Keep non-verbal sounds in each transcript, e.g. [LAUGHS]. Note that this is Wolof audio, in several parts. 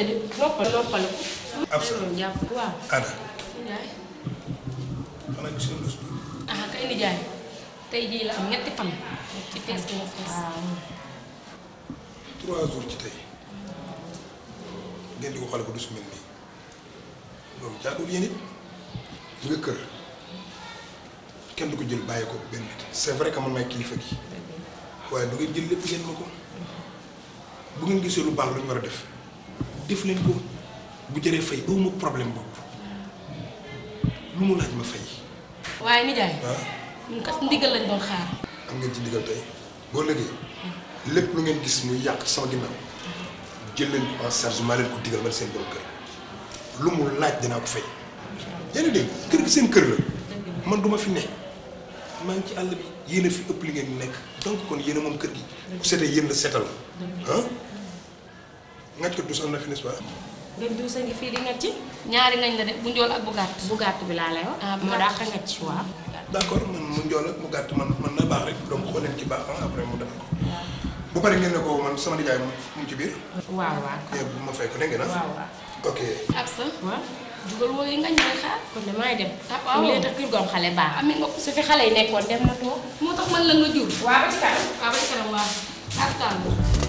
te di noppal noppal ko. absolument jàpp nga ah kay nijaay tey trois jours ci tey ngeen di waxal ko du su mel nii loolu jaaduwul yéen it li nga kër kenn du ko jël bàyyi ko benn nit c'est vrai que man maay kilifa gi waaye du ngeen jël lépp yéen ma ko bu gisee lu baax lu war a def. def leen ko bu jëree fay aw problème bopp lu mu laaj ma fay. waaye nijaay. waaw ñun kat ndigal lañ doon xaar. am ngeen ci ndigal tey boo léegi lépp lu ngeen gis muy yàq sama ginnaaw jël leen ko en charge maa leen ko digal man seen borom kër lu mu laaj dinaa ko fay. yaa ngi dégg kër gi seen kër la man duma fi ne maa ngi ci àll bi yéen fi ëpp li ngeen nekk donc kon yéena moom kër gi ku seetee yéen la seetal ah. ngaj ko dus am na fi n'est-ce pas. nga dus a ngi fii di ngaj ci. ñaari ngañ la de bu njool ak bu gàtt. bu gàtt bi laa lay wax. ah moo dàq ngaj ci waaw. d'accord man mu njool ak mu gàtt man man na baax rek donc xool leen ci baax ah après mu def ko. bu pare ngeen ne ko man sama nijaay mu ci biir. waaw waaw eh, bu ma fay ko dégg nga nag. waaw waaw ok. Absa. waaw dugal wooyu ngañ lay xaar. kon de maay dem. ah waaw léegi nag kër goom xale baax. am ah, nga su fi xale yi nekkoon dem na toog. moo tax man la nga jur. waaw ba ci kanam waaw ah, ba ci kanam waaw.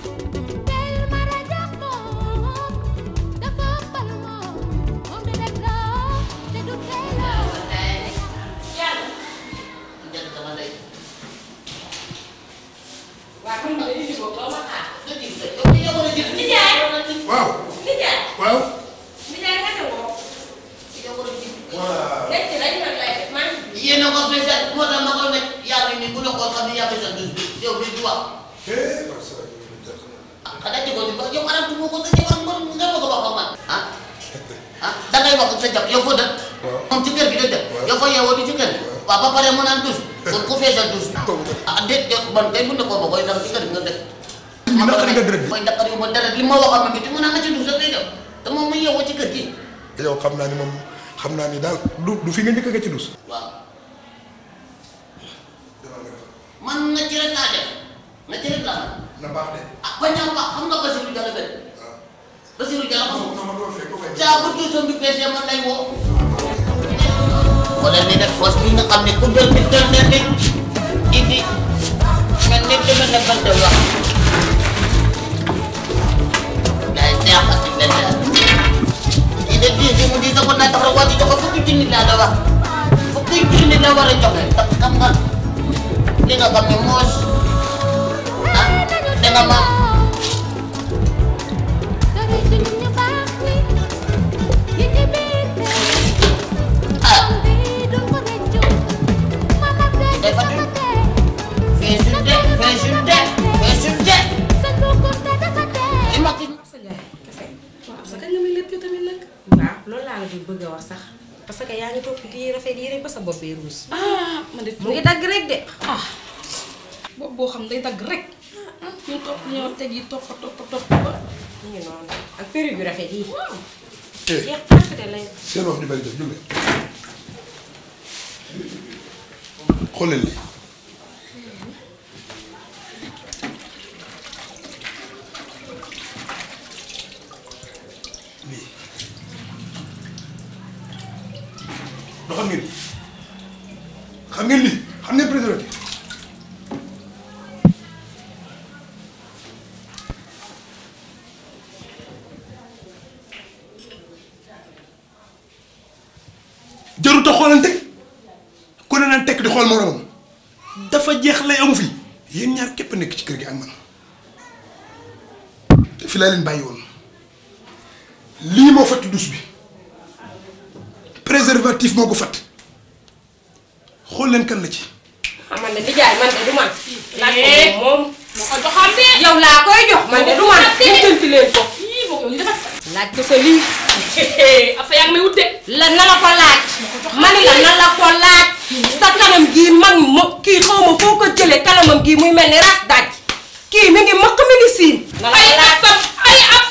Kamu moo tax ma koy nekk yàlla ni bu la ko xam ne yàlla sa dund yow li di wax yow aram tu ko sa jabar man nga ma ko wax ah. ah da ngay wax sa jab yow foo dëkk. moom ci kër gi dëkk. yow foo yeewoo di ci yang gi. waaw ba pare mu naan dus kon ku feesal dus. ah déet man kay bu ne ko ba koy def ci kër gi nga def. ma dus ni du du fi nga ci dus. waaw. man nga ci rek la def nga ci rek laa na baax de ak ba ñaaw ba xam nga basiru jala ben ah. basiru jala xamul sama do fekk ko ca bu ci son bi fessé man lay wo wala ni nak fos bi nga xamne ku jël ci tan ne ni indi nga nekk dama na ban de wax day neex ak ben ide di ci mu di sa ko na taxaw jox ko fukki jinni la da wax fukki jinni la wara joxe tak xam nga dia nggak pakai mus dia nggak mau ah. parce que di rafet ba sa ah man ngi rek de. day dagg rek ñu topp ñoo teg yi topp topp topp ba ñu ngi noonu ak perruque yu rafet yi. jeex parfait lay. seen wax ñu bëri def jóge xoolal li xam ngeen li xam ngeen li xam ngeen préservatif laa leen bàyyi woon lii moo fatt douche bi préservatif moo ko fatt xool leen kan la ci. ah yow laa koy jox man de du na la ko laaj. man la na ko laaj. sa kanam gii mag mo kii xaw ma foo ko jëlee kanamam gii muy mel ni ras daaj. kii mu ngi mokk mi ngi siin. na la ko laaj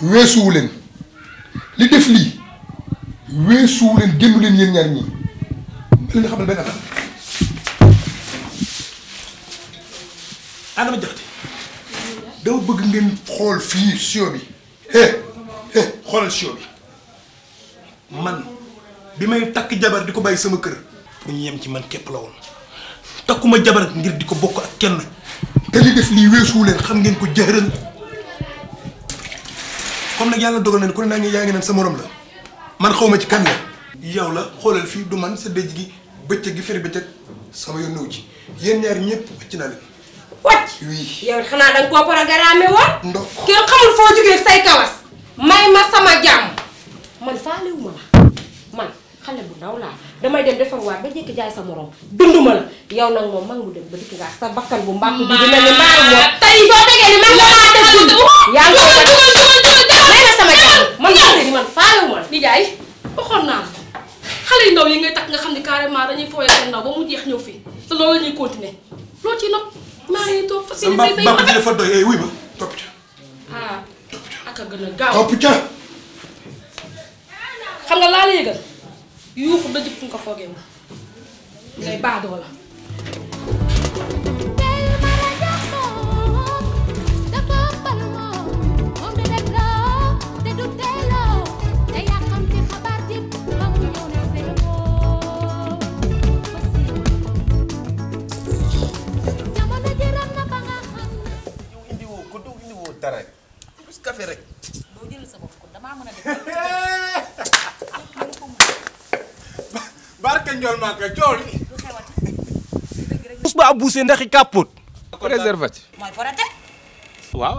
weesuwu leen li def lii weesuwu leen génnu leen yéen ñaar ñii leen xamal benn affaire Adama Diakhaté dama bëgg ngeen xool fii sio bi eh eh xoolal sio bi man bi may takk jabar di ko bàyyi sama kër pour ñu yem ci man képp la woon takkuma jabar ngir di ko bokk ak kenn te li def lii weesuwu leen xam ngeen ko jëral comme nag yàlla dogal na ku ne naa ngi yaa ngi naan sa morom la man xaw ma ci kan la. yow la xoolal fii du man sa dëj gi bëccëg gi feri bëccëg sama yoon ñëw ci yéen ñaar ñëpp wàcc naa leen. wàcc yow xanaa da nga koo programme woon. ndox kenn xamul foo jógee say kawas. may ma sama jàmm man faalewuma la man xale bu ndaw laa damay dem defarwaat ba njëkk jaay sa morom dunduma la yow nag moom mag mu dem ba dikk ngaa sa bakkan bu mbàkk bi dina ne mbaaru moom tey soo tegee ni man nga maa dëggul yaa ngi yi man faalewu ma nijaay waxoon naa xale yu ndaw yi ngay takk nga xam ne carrément dañuy fooyee seen ndaw ba mu jeex ñëw fii te loolu la ñuy continuer loo ciy nopp maa ngi toog fas yéene say say mbaa eh, ma topp ah, ak a gën a gaaw topp ca xam nga laa la yëgal yuuxu dajëb ko foogee ma ngay baadoo barke Ndiol Maka cool. bus ba abusé ndax i kàppoot. préservatif. mooy forote. waaw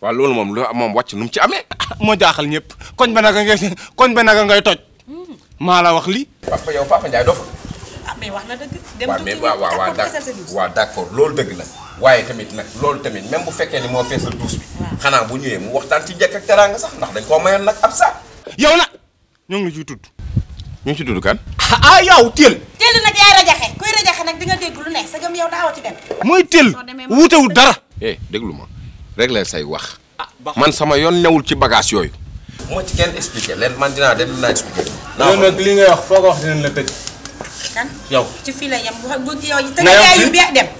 waaw. loolu moom lu moom wàcc nu mu ci amee. [LAUGHS] moo jaaxal ñëpp koñ ba naka ngay koñ ba naka ngay toj. maa la wax lii. papa yow papa ah, wax na dëgg. dem tuuti waaw waaw waaw waaw d'accord loolu dëgg la. waaye tamit nag loolu tamit même bu fekkee ni moo feesal duus bi. xanaa bu ñëwee mu waxtaan ci njëkk ak teraanga sax ndax dañ koo mayoon nag ab saak. yow na ñoo ngi la ciy tudd. ñu ngi ci tudd kan. ah, ah yow Thiel. Thiel nag yaay rajaxe kuy rajaxe nag di nga dégg lu ne sa gëm yow daawa ci wuutewul dara. Eh, déglu ma réglé say wax. Ah, man sama yoon newul ci bagage yooyu. moo ci kenn expliqué leen man dinaa dem dinaa expliqué. naa li ngay wax foo ko wax yow ci fii la yem wax bu yow te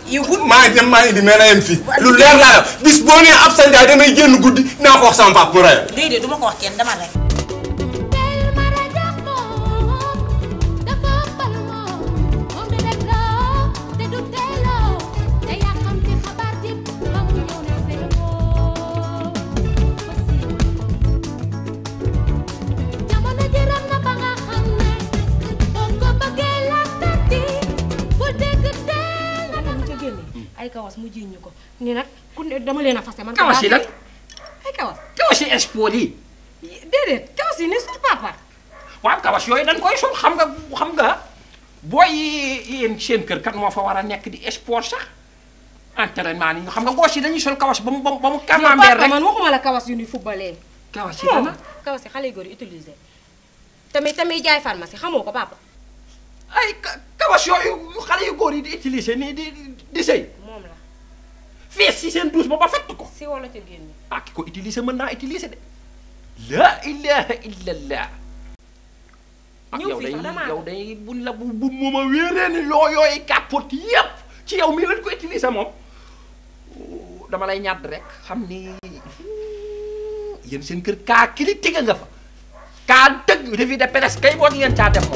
yu maa dem maa indi na yem fii lu leer laa bis boo nee absent damay génn guddi naa ko wax sama papa mu rey déedéet du ko wax kenn dama rek ni nag ku ne dama leen a fase man. kawas yi lan ay kawas. kawas yi espoir yi. déedéet kawas yi ne suñu papa. waaw kawas yooyu dañ koy sol xam nga xam nga booy yéen seen kër kat moo fa war a nekk di espoir sax entraînement yi xam nga gos yi dañuy sol kawas ba mu ba mu ba mu. camembert rek man waxuma la kawas yu ni footballé. kawas yi dana oh, kawas yi xale yu góor yi utilisé. tamit tamit jaay pharmacie xamoo ko papa. ay kawas yooyu xale yu góor yi di utilisé nii di di sëy fees si seen douche ba ba fett ko. si wala ca génn. ah ko utiliser mën naa utiliser de. laa ilaha illallah. ak yow day yow day buñ la bu bu mu ma wéeree ci yow mii ko utiliser moom dama lay ñàdd rek xam ni yéen seen kër kaa ki tigga nga fa kaa dëgg defi de presse kay boo ngeen caa def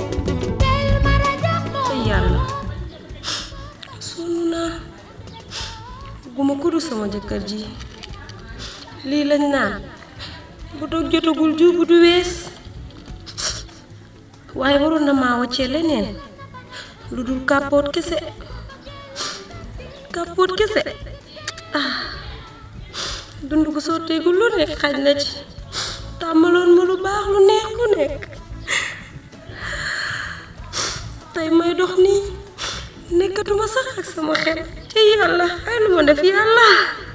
kudu sama jekar ji li lañ na bu doog jotagul bu du wees waaye waru na ma wacce lenen ludul kapot kese kàppoot kese ah dundu ko gul lu nek. xajna ci tamalon mu lu bax lu ni. lu nek tay may dox ni nekkatuma sax ak sama xel te yàlla ay lu